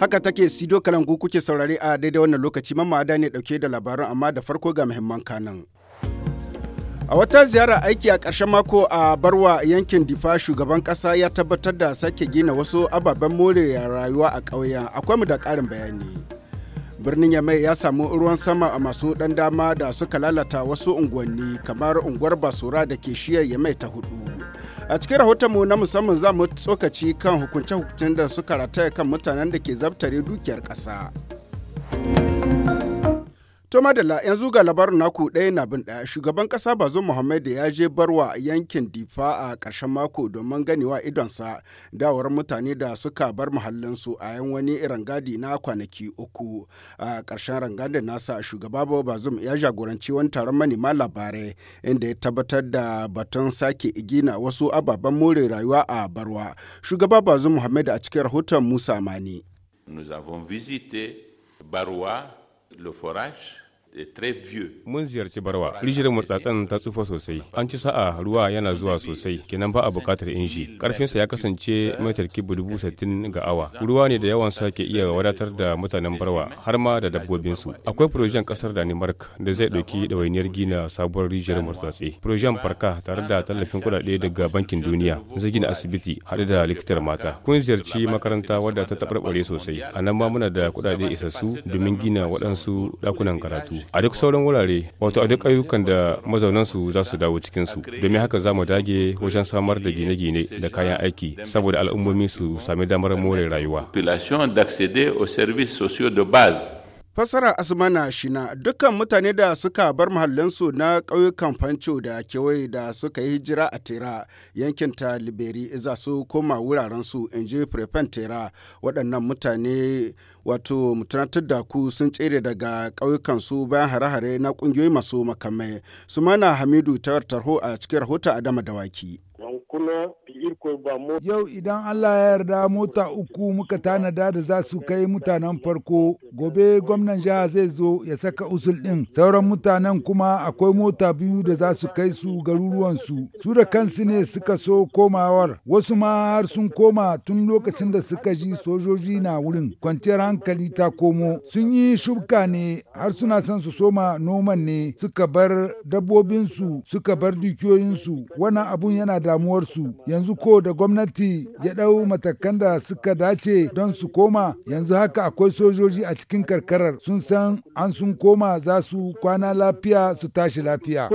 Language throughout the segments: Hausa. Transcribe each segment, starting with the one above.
Haka take Sido Kalangu kuke saurare a daidai wannan lokaci mamma ne dauke da labaran amma da farko ga muhimman kanan. A wata ziyara aiki a ƙarshen mako a Barwa yankin Difa shugaban ƙasa ya tabbatar da sake gina wasu ababen more rayuwa a ƙauyen. Akwai mu da ƙarin bayani. Birnin Yamai ya samu ruwan sama a masu ɗan dama da suka lalata wasu unguwanni kamar unguwar Basura da ke shiyar Yamai ta hudu. A cikin rahoton mu na musamman za mu tsokaci kan hukunce-hukuncen da suka rataya kan mutanen da ke zabtare dukiyar ƙasa. To madalla yanzu ga labarin naku ɗaya na bin ɗaya shugaban ƙasa bazo Muhammad ya je barwa yankin Difa a ƙarshen mako domin ganewa idonsa dawar mutane da suka bar muhallinsu a yan wani rangadi na kwanaki uku. A ƙarshen rangadin nasa shugaba bazo ya jagoranci wani taron manema labarai inda ya tabbatar da batun sake igina wasu ababen more rayuwa a barwa. Shugaba bazo Muhammad a cikin rahoton Musa Mani. Nous avons visité Barwa Le Forage, Mun ziyarci Barwa, rijiyar murtsatsen ta tsufa sosai. An ci sa'a ruwa yana zuwa sosai, kenan ba a inji. inji. sa ya kasance metar kibu dubu sittin ga awa. Ruwa ne da yawan ke iya wadatar da mutanen Barwa, har ma da dabbobinsu. Akwai projen ƙasar Danimark da zai ɗauki ɗawainiyar gina sabuwar rijiyar murtsatse. Projen Farka tare da tallafin kuɗaɗe daga Bankin Duniya, zai gina asibiti haɗe da likitar mata. Kun ziyarci makaranta wadda ta taɓarɓare sosai. A nan ma muna da kuɗaɗe isassu domin gina waɗansu ɗakunan karatu. a duk sauran wurare wato a duk ayyukan da mazaunansu za su dawo cikin su domin haka za mu dage wajen samar da gine-gine da kayan aiki saboda al'ummomi su sami damar more rayuwa. Fasara Asmana Shina dukkan mutane da suka bar mahallinsu na ƙauyukan Fanco da kewaye da suka yi hijira a Tera yankin ta Liberi za su koma wurarensu in ji Prefen Tera waɗannan mutane wato mutunatar da ku sun tsere daga ƙauyukan su bayan hare-hare na ƙungiyoyi masu makamai. Sumana Hamidu ta tarho a cikin rahoton Adama Dawaki. Yau idan Allah ya yarda mota uku muka tanada da za su kai mutanen farko, gobe gwamnan jiha zai zo ya saka usul ɗin. Sauran mutanen kuma akwai mota biyu da za su kai su garuruwansu. Su da kansu ne suka so komawar, wasu ma har sun koma tun lokacin da suka ji sojoji na wurin. Kwanciyar hankali ta komo. Sun yi shuka ne har suna son su soma noman ne, suka bar dabbobinsu, suka bar dukiyoyinsu. Wannan abun yana damuwarsu yanzu ko da gwamnati ya ɗau matakan da suka dace don su koma yanzu haka akwai sojoji a cikin karkarar sun san an sun koma za su kwana lafiya su tashi lafiya.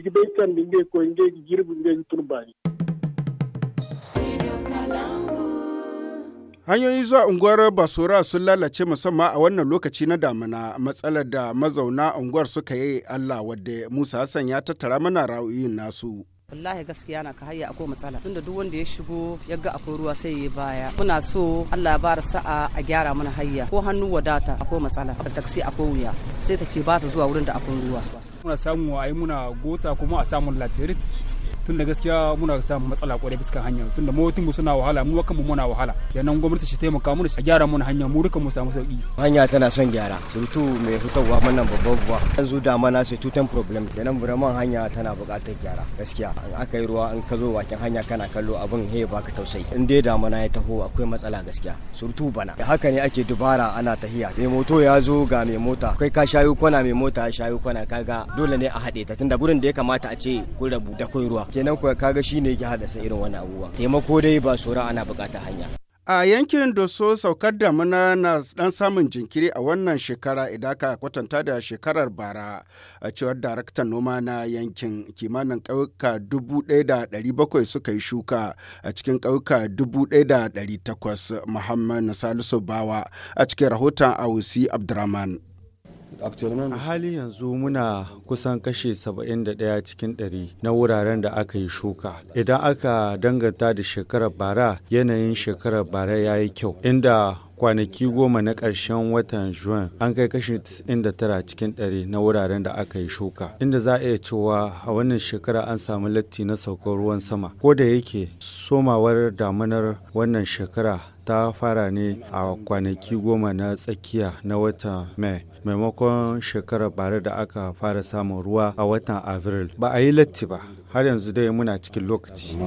Hanyoyi zuwa unguwar Basura sun lalace musamman a wannan lokaci na damina matsalar da mazauna unguwar suka yi Allah wadda Musa Hassan ya tattara mana ra'ayoyin nasu. wallahi gaskiya na ka hayya akwai matsala tunda duk wanda ya shigo ya ga akwai ruwa sai ya baya muna so Allah ya bar sa'a a gyara mana hayya ko hannu wadata akwai matsala da taksi akwai wuya sai ta ce ba ta zuwa wurin da akwai ruwa muna samu a muna gota kuma a samun lafiyarit da gaskiya muna samun matsala kwarai bisa hanya da motin mu suna wahala mu kanmu muna wahala kenan gwamnati shi taimaka mu a gyara mana hanya mu duka mu samu sauki hanya tana son gyara surutu mai fitowa mana babban ruwa yanzu damana sai tutan problem nan buraman hanya tana buƙatar gyara gaskiya an aka yi ruwa in ka zo wakin hanya kana kallo abin he ka tausayi in dai mana ya taho akwai matsala gaskiya surutu bana haka ne ake dubara ana tahiya mai moto ya zo ga mai mota kai ka shayu kwana mai mota ya kwana kaga dole ne a haɗe ta tunda gurin da ya kamata a ce kun da kai ruwa kenan kuwa kaga shine yake haddasa irin wani abubuwa taimako dai ba tsoron ana bukata hanya a yankin doso saukar damuna na dan samun jinkiri a wannan shekara idan ka kwatanta da shekarar bara a cewar daraktan noma na yankin kimanin ƙauyuka 1,700 suka yi shuka a cikin ƙauyuka 1,800 muhammad salisu bawa a cikin rahoton awusi abdurrahman a hali yanzu muna kusan kashe 71 cikin 100 na wuraren da aka yi shuka idan aka danganta da shekarar bara yanayin shekarar bara ya yi kyau inda kwanaki goma na ƙarshen watan juan an kai kashi 99 cikin 100 na wuraren da aka yi shuka inda za a iya cewa a wannan shekara an samu latti na saukar ruwan sama ko da yake somawar damunar wannan shekara ta fara ne a kwanaki goma na tsakiya na watan Mai maimakon shekarar bare da aka fara samun ruwa a watan Avril. Ba a yi latti ba, har yanzu dai muna cikin lokaci.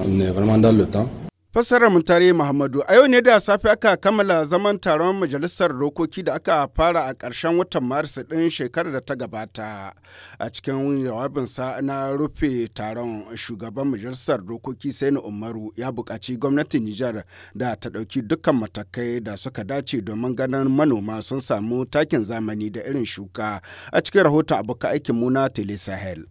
Fassarar Muntare Muhammadu a yau ne da safe aka kammala zaman taron majalisar dokoki da aka fara a ƙarshen watan Maris ɗin shekarar da ta gabata. A cikin jawabinsa na rufe taron shugaban majalisar dokoki Sani Umaru ya buƙaci gwamnatin Nijar da ta ɗauki dukkan matakai da suka dace domin ganin manoma sun samu takin zamani da irin shuka a cikin rahoton abokan aikin Muna na Tele Sahel.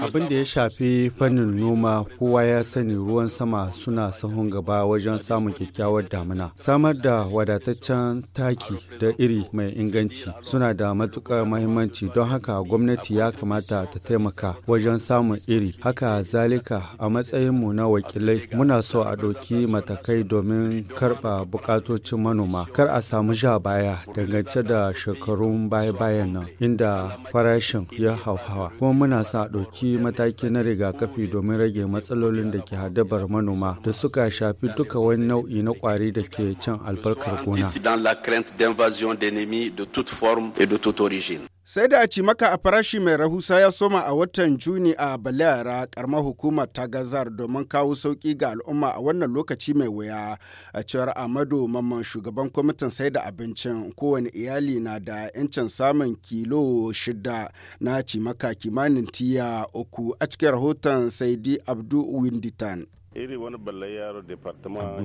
Abin da ya shafi fannin noma kowa ya sani ruwan sama suna sahun gaba wajen samun kyakkyawar damuna Samar da wadataccen taki da iri mai inganci suna da matuƙar mahimmanci don haka gwamnati ya kamata ta taimaka wajen samun iri. Haka zalika a matsayinmu na wakilai muna so a ɗauki matakai domin karɓa buƙatocin manoma. Kar a samu sha baya dangance da shekarun baya-bayan nan inda farashin ya hauhawa kuma muna sa ɗauki mataki na rigakafi domin rage matsalolin da ke haddabar manoma da suka shafi duka wani nau'i na kwari da ke cin albarkar gona. Sai da a cimaka a farashi mai rahusa ya soma a watan Juni a Balayara karamar hukumar ta Gazar domin kawo sauki ga al'umma a wannan lokaci mai wuya. A cewar Amadu Mamman shugaban kwamitin sai da abincin kowane iyali na da 'yancin samun kilo shida na cimaka kimanin tiya uku a cikin rahoton Saidi Abdu Winditan. iri wani a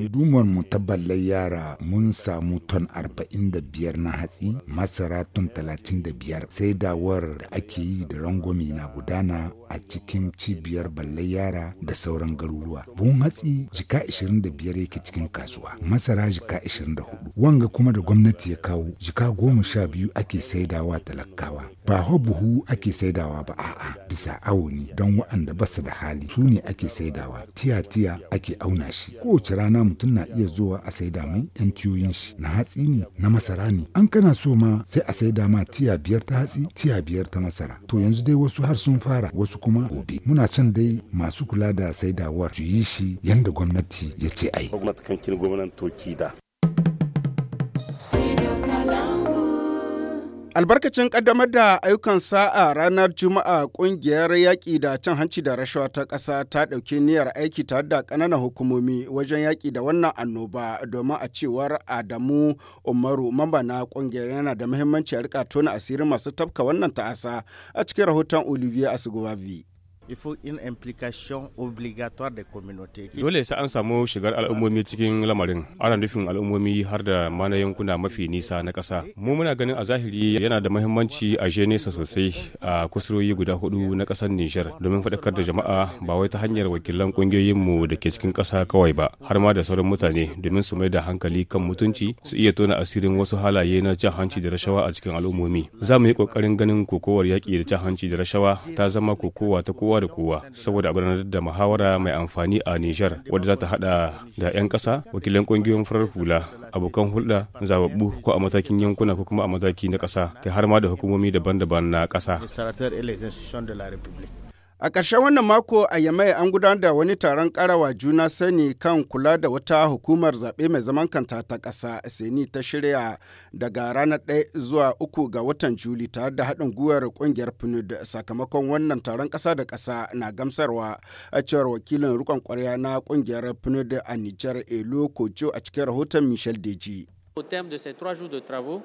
gundumar mu ta ballai yara mun samu ton 45 na hatsi masara ton 35 sai dawar da ake yi da rangwame na gudana a cikin cibiyar ballai yara da sauran garuruwa buhun hatsi jika 25 yake cikin kasuwa masara jika 24 wanga kuma da gwamnati ya kawo jika goma sha biyu ake saidawa talakawa ba buhu ake saidawa ba a'a bisa awo ne don wa'anda basu da hali su ne ake saidawa tiyati tiya ake auna shi kowace rana mutum na iya zuwa a saida mai yan tiyoyin shi na hatsi ne na masara ne an kana so ma sai a saida ma tiya biyar ta hatsi tiya biyar ta masara to yanzu dai wasu har sun fara wasu kuma gobe muna son dai masu kula da saidawar su yi shi yanda gwamnati ya ce ai Albarkacin kaddamar da ayyukan sa'a ranar Juma'a kungiyar yaƙi da cin hanci da rashawa ta ƙasa ta ɗauki niyyar aiki tare da ƙananan hukumomi wajen yaƙi da wannan annoba domin a cewar Adamu Umaru mamba na kungiyar yana da muhimmanci a rika tona asirin masu tafka wannan ta'asa a cikin rahoton Olivier Asugubavi. il faut une implication obligatoire des communautés. Dole sai an samu shigar al'ummomi cikin lamarin. Ana nufin al'ummomi har da mana yankuna mafi nisa na ƙasa. Mu muna ganin a zahiri yana da muhimmanci a je nesa sosai a kusurwoyi guda hudu na ƙasar Nijar domin faɗakar da jama'a ba wai ta hanyar wakilan ƙungiyoyin mu da ke cikin ƙasa kawai ba, har ma da sauran mutane domin su mai da hankali kan mutunci su iya tona asirin wasu halaye na cin hanci da rashawa a cikin al'ummomi. Za mu yi ƙoƙarin ganin kokowar yaƙi da cin hanci da rashawa ta zama kokowa ta kowa kowa da kowa saboda a gudanar da muhawara mai amfani a Nijar wadda za ta hada da 'yan ƙasa, wakilan ƙungiyoyin farar hula, abokan hulɗa, zababbu ko a matakin yankuna ko kuma a mataki na kasa kai har ma da hukumomi daban-daban na ƙasa. A ƙarshen wannan mako a Yamai an gudanar da wani taron ƙarawa juna sani kan kula da wata hukumar zaɓe mai zaman kanta ta ƙasa Seni ta shirya daga ranar ɗaya zuwa uku ga watan Juli tare da haɗin gwiwar ƙungiyar PNUD sakamakon wannan taron ƙasa da ƙasa na gamsarwa a cewar wakilin rikon ƙwarya na ƙungiyar PNUD a Nijar Elo Kojo a cikin rahoton Michel Deji.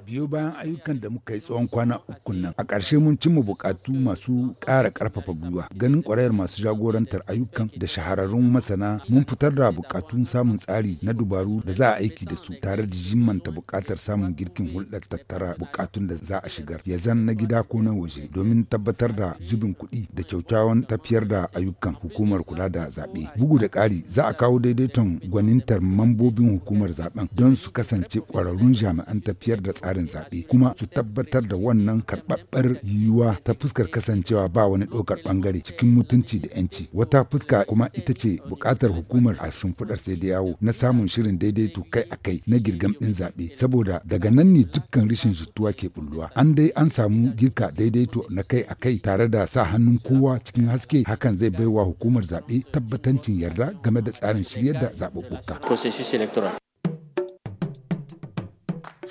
Biyo bayan ayyukan da muka yi tsawon kwana uku nan, a ƙarshe mun cimma buƙatu masu ƙara ƙarfafa gwiwa. Ganin ƙwarayar masu jagorantar ayyukan da shahararrun masana mun fitar da buƙatun samun tsari na dubaru da za a aiki da su tare da jimmanta buƙatar samun girkin hulɗar tattara buƙatun da za a shigar. Ya zan na gida ko na waje domin tabbatar da zubin kuɗi da kyaukyawan tafiyar da ayyukan hukumar kula da zaɓe. Bugu da ƙari za a kawo daidaiton gwanintar mambobin hukumar zaɓen don su kasance kwararrun jami'an tafiyar da tsarin zaɓe kuma su tabbatar da wannan karɓaɓɓar yiwuwa ta fuskar kasancewa ba wani ɗaukar ɓangare cikin mutunci da 'yanci. Wata fuska kuma ita ce buƙatar hukumar a shimfiɗar sai da yawo na samun shirin daidaito kai a kai na girgam ɗin zaɓe saboda daga nan ne dukkan rashin jituwa ke bulluwa. An dai an samu girka daidaito na kai a kai tare da sa hannun kowa cikin haske hakan zai baiwa hukumar zaɓe tabbatancin yarda game da tsarin shiryar da zaɓuɓɓuka.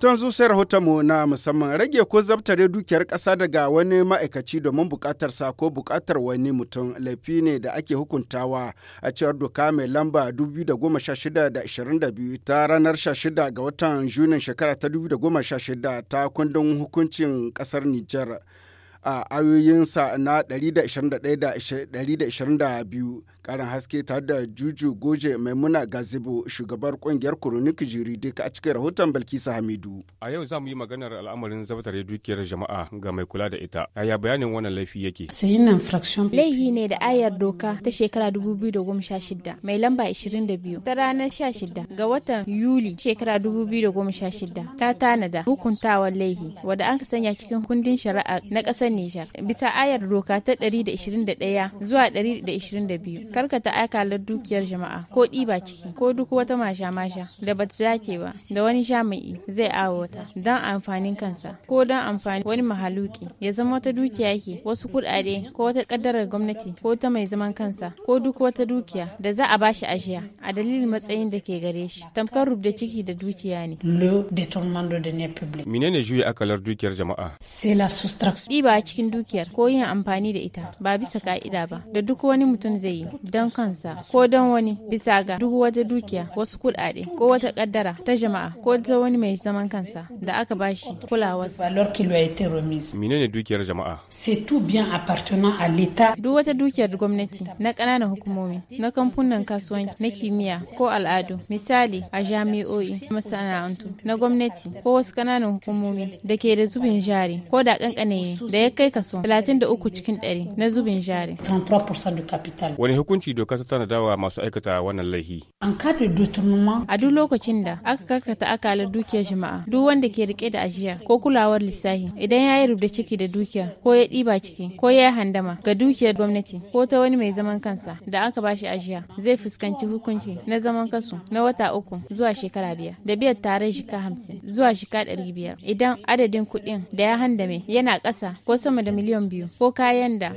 Tun zuciyar mu na musamman rage ko zabtare dukiyar ƙasa daga wani ma'aikaci domin buƙatar sa ko buƙatar wani mutum laifi ne da ake hukuntawa a cewar doka mai lamba 2016-22 ta ranar 16 ga watan Junin shekara ta 2016 ta kundin hukuncin ƙasar Nijar a ayoyinsa na 121 da 122. Karin haske tare da Juju Goje Maimuna Gazebo shugabar kungiyar jiri duka a cikin rahoton Balkisa Hamidu. A yau za mu yi maganar al'amarin zabtare dukiyar jama'a ga mai kula da ita. Yaya bayanin wannan laifi yake? Laifi ne da ayar doka ta shekara 2016 mai lamba 22 ta ranar 16 ga watan Yuli shekara 2016 ta tanada hukuntawan laifi wadda an ka sanya cikin kundin shari'a na ƙasar Nijar bisa ayar doka ta 121 zuwa 122 karkata akalar dukiyar jama'a ko ɗiba ciki ko duk wata masha-masha da ba ta dace ba da wani jami'i zai ta. don amfanin kansa ko don amfani wani mahaluki ya zama wata dukiya ke wasu kuɗaɗe ko wata ƙaddarar gwamnati ko ta mai zaman kansa ko duk wata dukiya da za a bashi ajiya a dalilin matsayin da ke gare shi tamkar rubda ciki da dukiya ne. Menene juya akalar dukiyar jama'a? Ɗiba cikin dukiyar ko yin amfani da ita ba bisa ka'ida ba da duk wani mutum zai yi don kansa ko don wani bisa ga duk wata dukiya wasu kuɗaɗe ko wata kaddara ta jama'a ko ta wani mai zaman kansa da aka bashi kulawarsa. Menene dukiyar jama'a? Duk wata dukiyar gwamnati na ƙananan hukumomi na kamfunan kasuwanci na kimiyya ko al'adu misali a jami'o'i masana'antu na gwamnati ko wasu ƙananan hukumomi da ke da zubin jari ko da ƙanƙane da ya kai kaso 33 cikin 100 na zubin jari. Wani hukunci hukunci doka ta tanada wa masu aikata wannan laifi. A duk lokacin da aka karkata akalar dukiyar jama'a duk wanda ke rike da ajiya ko kulawar lissafi idan ya yi rubda ciki da dukiya ko ya ɗiba ciki ko ya yi handama ga dukiyar gwamnati ko ta wani mai zaman kansa da aka bashi ajiya zai fuskanci hukunci na zaman kasu na wata uku zuwa shekara biyar da biyar tare shika hamsin zuwa shika ɗari biyar idan adadin kuɗin da ya handame yana ƙasa ko sama da miliyan biyu ko kayan da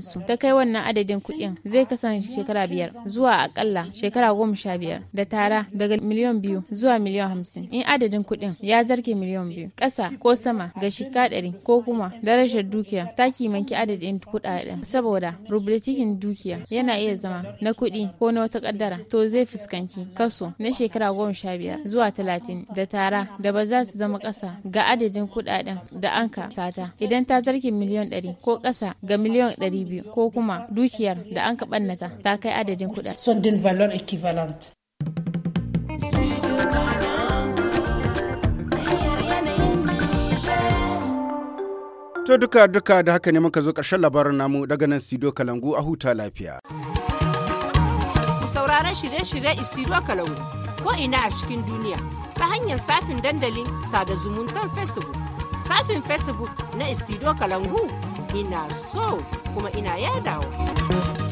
su ta kai wannan adadin kuɗin zai kasance kan shekara biyar zuwa akalla shekara goma sha biyar da tara daga miliyan biyu zuwa miliyon hamsin in adadin kuɗin ya zarge miliyan biyu ƙasa ko sama ga shika ɗari ko kuma darajar dukiya ta kimanki adadin kuɗaɗen saboda rubutikin dukiya yana iya zama na kuɗi ko na wata ƙaddara to zai fuskanci kaso na shekara goma sha biyar zuwa talatin da tara da ba za su zama ƙasa ga adadin kuɗaɗen da an ka sata idan ta zarge miliyan ɗari ko ƙasa ga miliyon ɗari biyu ko kuma dukiyar da an ka ɓannata kasa ta kai adadin kuɗa. To duka duka da haka ne muka zo ƙarshen labarin namu daga nan Sido Kalangu a huta lafiya. Ku sauraron shirye shiryen Isido Kalangu ko ina a cikin duniya ta hanyar safin dandalin sada zumuntar Facebook. Safin Facebook na Isido Kalangu ina so kuma ina yadawa.